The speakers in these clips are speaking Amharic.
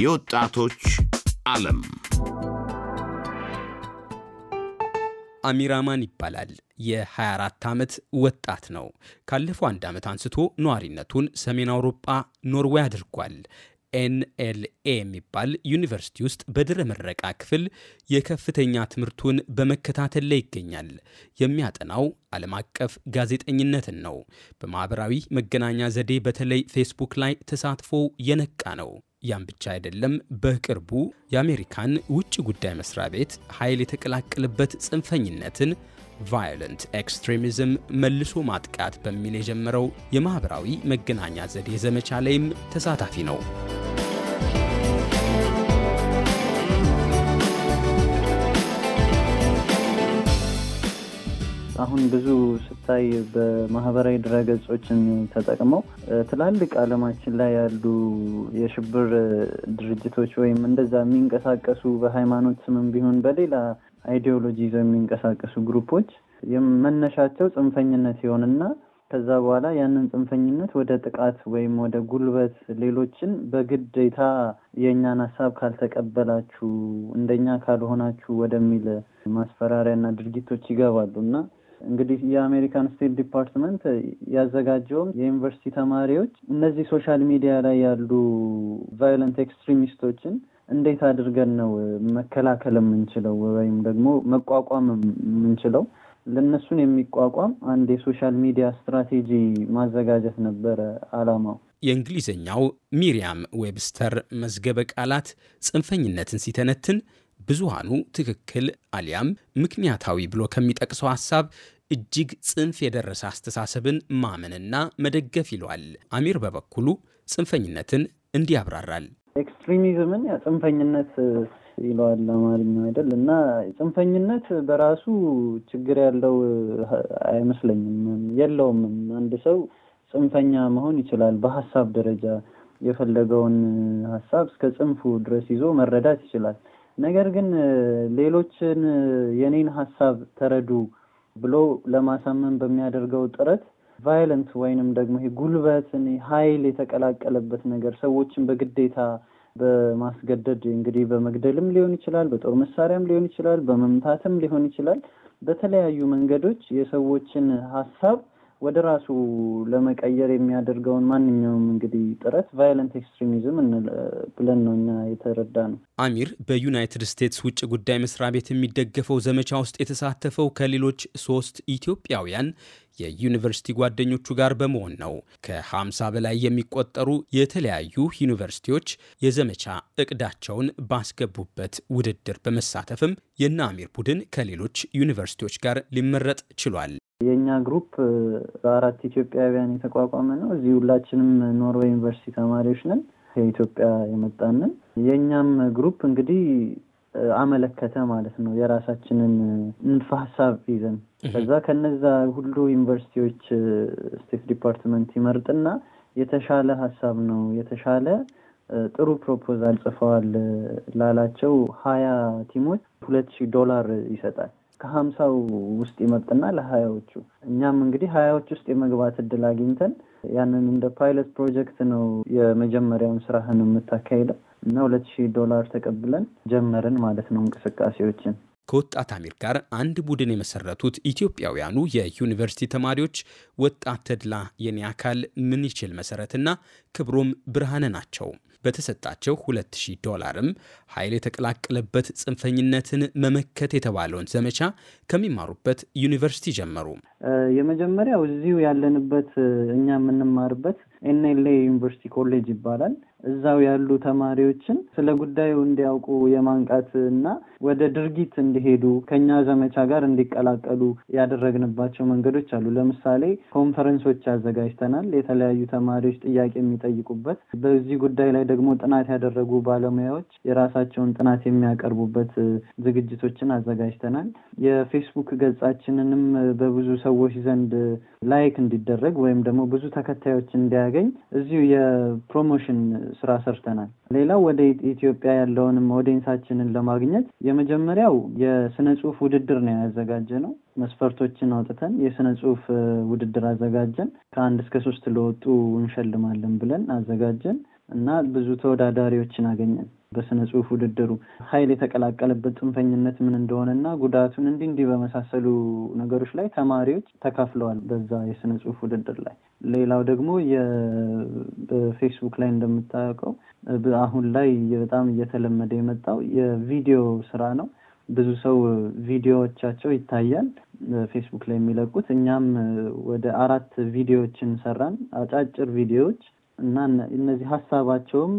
የወጣቶች ዓለም አሚራማን ይባላል። የ24 ዓመት ወጣት ነው። ካለፈው አንድ ዓመት አንስቶ ነዋሪነቱን ሰሜን አውሮጳ ኖርዌይ አድርጓል። ኤንኤልኤ የሚባል ዩኒቨርሲቲ ውስጥ በድረ ምረቃ ክፍል የከፍተኛ ትምህርቱን በመከታተል ላይ ይገኛል። የሚያጠናው ዓለም አቀፍ ጋዜጠኝነትን ነው። በማኅበራዊ መገናኛ ዘዴ በተለይ ፌስቡክ ላይ ተሳትፎ የነቃ ነው። ያም ብቻ አይደለም። በቅርቡ የአሜሪካን ውጭ ጉዳይ መስሪያ ቤት ኃይል የተቀላቀለበት ጽንፈኝነትን ቫዮለንት ኤክስትሪሚዝም መልሶ ማጥቃት በሚል የጀመረው የማኅበራዊ መገናኛ ዘዴ ዘመቻ ላይም ተሳታፊ ነው። አሁን ብዙ ስታይ በማህበራዊ ድረገጾችን ተጠቅመው ትላልቅ ዓለማችን ላይ ያሉ የሽብር ድርጅቶች ወይም እንደዛ የሚንቀሳቀሱ በሃይማኖት ስምም ቢሆን በሌላ አይዲዮሎጂ ይዘው የሚንቀሳቀሱ ግሩፖች መነሻቸው ጽንፈኝነት ሲሆንና ከዛ በኋላ ያንን ጽንፈኝነት ወደ ጥቃት ወይም ወደ ጉልበት ሌሎችን በግዴታ የእኛን ሀሳብ ካልተቀበላችሁ እንደኛ ካልሆናችሁ ወደሚል ማስፈራሪያና ድርጊቶች ይገባሉ እና እንግዲህ የአሜሪካን ስቴት ዲፓርትመንት ያዘጋጀውም የዩኒቨርሲቲ ተማሪዎች እነዚህ ሶሻል ሚዲያ ላይ ያሉ ቫዮለንት ኤክስትሪሚስቶችን እንዴት አድርገን ነው መከላከል የምንችለው ወይም ደግሞ መቋቋም የምንችለው ለእነሱን የሚቋቋም አንድ የሶሻል ሚዲያ ስትራቴጂ ማዘጋጀት ነበረ አላማው። የእንግሊዝኛው ሚሪያም ዌብስተር መዝገበ ቃላት ጽንፈኝነትን ሲተነትን ብዙሃኑ ትክክል አሊያም ምክንያታዊ ብሎ ከሚጠቅሰው ሀሳብ እጅግ ጽንፍ የደረሰ አስተሳሰብን ማመንና መደገፍ ይለዋል። አሚር በበኩሉ ጽንፈኝነትን እንዲህ ያብራራል። ኤክስትሪሚዝምን ጽንፈኝነት ይለዋል አማርኛ አይደል እና ጽንፈኝነት በራሱ ችግር ያለው አይመስለኝም፣ የለውም። አንድ ሰው ጽንፈኛ መሆን ይችላል በሀሳብ ደረጃ የፈለገውን ሀሳብ እስከ ጽንፉ ድረስ ይዞ መረዳት ይችላል። ነገር ግን ሌሎችን የኔን ሀሳብ ተረዱ ብሎ ለማሳመን በሚያደርገው ጥረት ቫይለንስ ወይንም ደግሞ ይሄ ጉልበትን ኃይል የተቀላቀለበት ነገር ሰዎችን በግዴታ በማስገደድ እንግዲህ በመግደልም ሊሆን ይችላል፣ በጦር መሳሪያም ሊሆን ይችላል፣ በመምታትም ሊሆን ይችላል። በተለያዩ መንገዶች የሰዎችን ሀሳብ ወደ ራሱ ለመቀየር የሚያደርገውን ማንኛውም እንግዲህ ጥረት ቫዮለንት ኤክስትሪሚዝም ብለን ነው እኛ የተረዳ ነው። አሚር በዩናይትድ ስቴትስ ውጭ ጉዳይ መስሪያ ቤት የሚደገፈው ዘመቻ ውስጥ የተሳተፈው ከሌሎች ሶስት ኢትዮጵያውያን የዩኒቨርሲቲ ጓደኞቹ ጋር በመሆን ነው። ከ50 በላይ የሚቆጠሩ የተለያዩ ዩኒቨርሲቲዎች የዘመቻ እቅዳቸውን ባስገቡበት ውድድር በመሳተፍም የና አሚር ቡድን ከሌሎች ዩኒቨርሲቲዎች ጋር ሊመረጥ ችሏል። የእኛ ግሩፕ በአራት ኢትዮጵያውያን የተቋቋመ ነው። እዚህ ሁላችንም ኖርዌይ ዩኒቨርሲቲ ተማሪዎች ነን። ከኢትዮጵያ የመጣንን የእኛም ግሩፕ እንግዲህ አመለከተ ማለት ነው። የራሳችንን ንድፈ ሀሳብ ይዘን ከዛ ከነዛ ሁሉ ዩኒቨርሲቲዎች ስቴት ዲፓርትመንት ይመርጥና የተሻለ ሀሳብ ነው የተሻለ ጥሩ ፕሮፖዛል ጽፈዋል ላላቸው ሀያ ቲሞች ሁለት ሺህ ዶላር ይሰጣል። ከሀምሳው ውስጥ ይመርጥና ለሀያዎቹ እኛም እንግዲህ ሀያዎች ውስጥ የመግባት እድል አግኝተን ያንን እንደ ፓይለት ፕሮጀክት ነው የመጀመሪያውን ስራህን የምታካሄደው እና ሁለት ሺህ ዶላር ተቀብለን ጀመርን ማለት ነው እንቅስቃሴዎችን። ከወጣት አሚር ጋር አንድ ቡድን የመሰረቱት ኢትዮጵያውያኑ የዩኒቨርሲቲ ተማሪዎች ወጣት ተድላ የኔ አካል ምን ይችል መሰረትና ክብሮም ብርሃነ ናቸው። በተሰጣቸው 2000 ዶላርም ኃይል የተቀላቀለበት ጽንፈኝነትን መመከት የተባለውን ዘመቻ ከሚማሩበት ዩኒቨርሲቲ ጀመሩ። የመጀመሪያው እዚሁ ያለንበት እኛ የምንማርበት ኤንኤልኤ ዩኒቨርሲቲ ኮሌጅ ይባላል። እዛው ያሉ ተማሪዎችን ስለ ጉዳዩ እንዲያውቁ የማንቃት እና ወደ ድርጊት እንዲሄዱ ከኛ ዘመቻ ጋር እንዲቀላቀሉ ያደረግንባቸው መንገዶች አሉ። ለምሳሌ ኮንፈረንሶች አዘጋጅተናል። የተለያዩ ተማሪዎች ጥያቄ የሚጠይቁበት፣ በዚህ ጉዳይ ላይ ደግሞ ጥናት ያደረጉ ባለሙያዎች የራሳቸውን ጥናት የሚያቀርቡበት ዝግጅቶችን አዘጋጅተናል። የፌስቡክ ገጻችንንም በብዙ ሰዎች ዘንድ ላይክ እንዲደረግ ወይም ደግሞ ብዙ ተከታዮች እንዲያገኝ እዚሁ የፕሮሞሽን ስራ ሰርተናል። ሌላው ወደ ኢትዮጵያ ያለውንም ኦዲንሳችንን ለማግኘት የመጀመሪያው የስነ ጽሁፍ ውድድር ነው ያዘጋጀ ነው። መስፈርቶችን አውጥተን የስነ ጽሁፍ ውድድር አዘጋጀን። ከአንድ እስከ ሶስት ለወጡ እንሸልማለን ብለን አዘጋጀን እና ብዙ ተወዳዳሪዎችን አገኘን። በስነ ጽሁፍ ውድድሩ ኃይል የተቀላቀለበት ጽንፈኝነት ምን እንደሆነና ጉዳቱን እንዲህ እንዲህ በመሳሰሉ ነገሮች ላይ ተማሪዎች ተካፍለዋል በዛ የስነ ጽሁፍ ውድድር ላይ። ሌላው ደግሞ በፌስቡክ ላይ እንደምታውቀው አሁን ላይ በጣም እየተለመደ የመጣው የቪዲዮ ስራ ነው። ብዙ ሰው ቪዲዮዎቻቸው ይታያል ፌስቡክ ላይ የሚለቁት። እኛም ወደ አራት ቪዲዮዎችን ሰራን፣ አጫጭር ቪዲዮዎች እና እነዚህ ሀሳባቸውም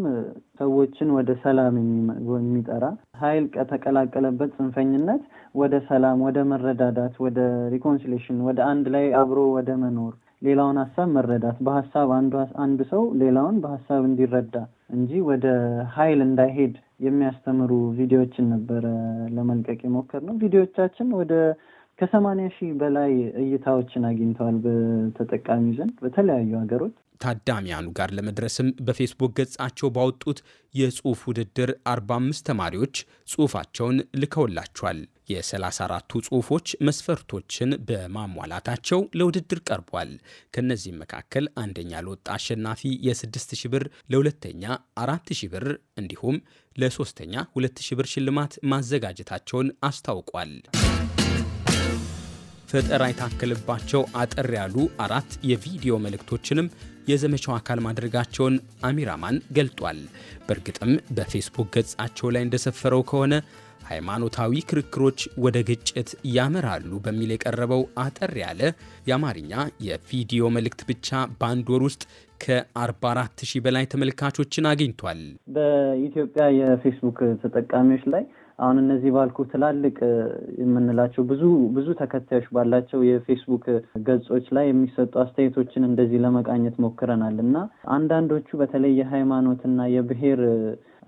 ሰዎችን ወደ ሰላም የሚጠራ ኃይል ከተቀላቀለበት ጽንፈኝነት ወደ ሰላም፣ ወደ መረዳዳት፣ ወደ ሪኮንሲሌሽን፣ ወደ አንድ ላይ አብሮ ወደ መኖር ሌላውን ሀሳብ መረዳት በሀሳብ አንዱ ሰው ሌላውን በሀሳብ እንዲረዳ እንጂ ወደ ኃይል እንዳይሄድ የሚያስተምሩ ቪዲዮዎችን ነበረ ለመልቀቅ የሞከር ነው። ቪዲዮዎቻችን ወደ ከሰማንያ ሺህ በላይ እይታዎችን አግኝተዋል በተጠቃሚ ዘንድ በተለያዩ ሀገሮች። ታዳሚያኑ ጋር ለመድረስም በፌስቡክ ገጻቸው ባወጡት የጽሑፍ ውድድር 45 ተማሪዎች ጽሑፋቸውን ልከውላቸዋል። የ34ቱ ጽሑፎች መስፈርቶችን በማሟላታቸው ለውድድር ቀርቧል። ከእነዚህም መካከል አንደኛ ለወጣ አሸናፊ የ6000 ብር፣ ለሁለተኛ 4000 ብር እንዲሁም ለሶስተኛ 2000 ብር ሽልማት ማዘጋጀታቸውን አስታውቋል። ፈጠራ የታከለባቸው አጠር ያሉ አራት የቪዲዮ መልእክቶችንም የዘመቻው አካል ማድረጋቸውን አሚራማን ገልጧል። በእርግጥም በፌስቡክ ገጻቸው ላይ እንደሰፈረው ከሆነ ሃይማኖታዊ ክርክሮች ወደ ግጭት ያመራሉ በሚል የቀረበው አጠር ያለ የአማርኛ የቪዲዮ መልእክት ብቻ በአንድ ወር ውስጥ ከ44 ሺህ በላይ ተመልካቾችን አግኝቷል። በኢትዮጵያ የፌስቡክ ተጠቃሚዎች ላይ አሁን እነዚህ ባልኩ ትላልቅ የምንላቸው ብዙ ብዙ ተከታዮች ባላቸው የፌስቡክ ገጾች ላይ የሚሰጡ አስተያየቶችን እንደዚህ ለመቃኘት ሞክረናል እና አንዳንዶቹ በተለይ የሃይማኖትና የብሔር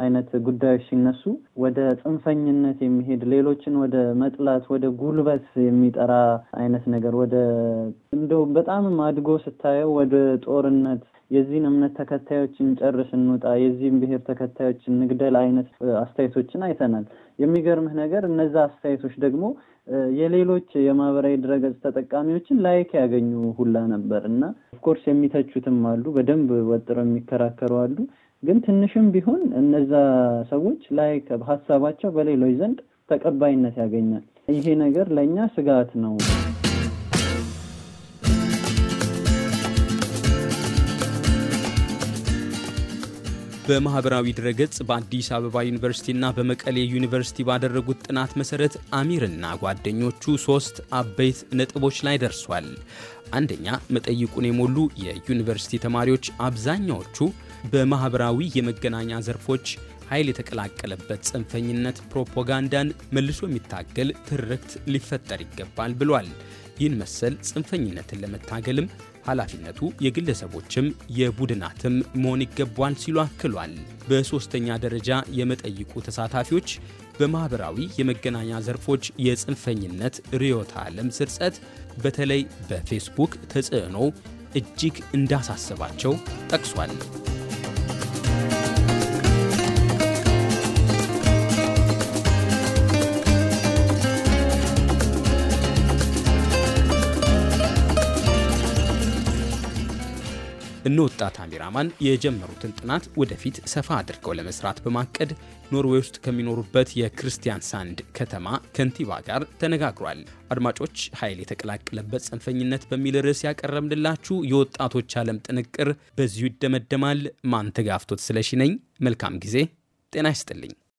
አይነት ጉዳዮች ሲነሱ ወደ ጽንፈኝነት የሚሄድ ሌሎችን ወደ መጥላት፣ ወደ ጉልበት የሚጠራ አይነት ነገር ወደ እንደው በጣምም አድጎ ስታየው ወደ ጦርነት የዚህን እምነት ተከታዮችን ጨርስ እንውጣ፣ የዚህን ብሔር ተከታዮችን ንግደል አይነት አስተያየቶችን አይተናል። የሚገርምህ ነገር እነዛ አስተያየቶች ደግሞ የሌሎች የማህበራዊ ድረገጽ ተጠቃሚዎችን ላይክ ያገኙ ሁላ ነበር እና ኦፍኮርስ የሚተቹትም አሉ፣ በደንብ ወጥረው የሚከራከሩ አሉ። ግን ትንሽም ቢሆን እነዛ ሰዎች ላይ ሀሳባቸው በሌሎች ዘንድ ተቀባይነት ያገኛል። ይሄ ነገር ለእኛ ስጋት ነው። በማህበራዊ ድረገጽ በአዲስ አበባ ዩኒቨርሲቲና በመቀሌ ዩኒቨርሲቲ ባደረጉት ጥናት መሰረት አሚርና ጓደኞቹ ሶስት አበይት ነጥቦች ላይ ደርሷል። አንደኛ፣ መጠይቁን የሞሉ የዩኒቨርሲቲ ተማሪዎች አብዛኛዎቹ በማኅበራዊ የመገናኛ ዘርፎች ኃይል የተቀላቀለበት ጽንፈኝነት ፕሮፓጋንዳን መልሶ የሚታገል ትርክት ሊፈጠር ይገባል ብሏል። ይህን መሰል ጽንፈኝነትን ለመታገልም ኃላፊነቱ የግለሰቦችም የቡድናትም መሆን ይገባል ሲሉ አክሏል። በሦስተኛ ደረጃ የመጠይቁ ተሳታፊዎች በማኅበራዊ የመገናኛ ዘርፎች የጽንፈኝነት ርዕዮተ ዓለም ስርጸት በተለይ በፌስቡክ ተጽዕኖ እጅግ እንዳሳሰባቸው ጠቅሷል። እነ ወጣት አሚራማን የጀመሩትን ጥናት ወደፊት ሰፋ አድርገው ለመስራት በማቀድ ኖርዌይ ውስጥ ከሚኖሩበት የክርስቲያን ሳንድ ከተማ ከንቲባ ጋር ተነጋግሯል። አድማጮች፣ ኃይል የተቀላቀለበት ጽንፈኝነት በሚል ርዕስ ያቀረብንላችሁ የወጣቶች ዓለም ጥንቅር በዚሁ ይደመደማል። ማንተጋፍቶት ስለሺ ነኝ። መልካም ጊዜ። ጤና ይስጥልኝ።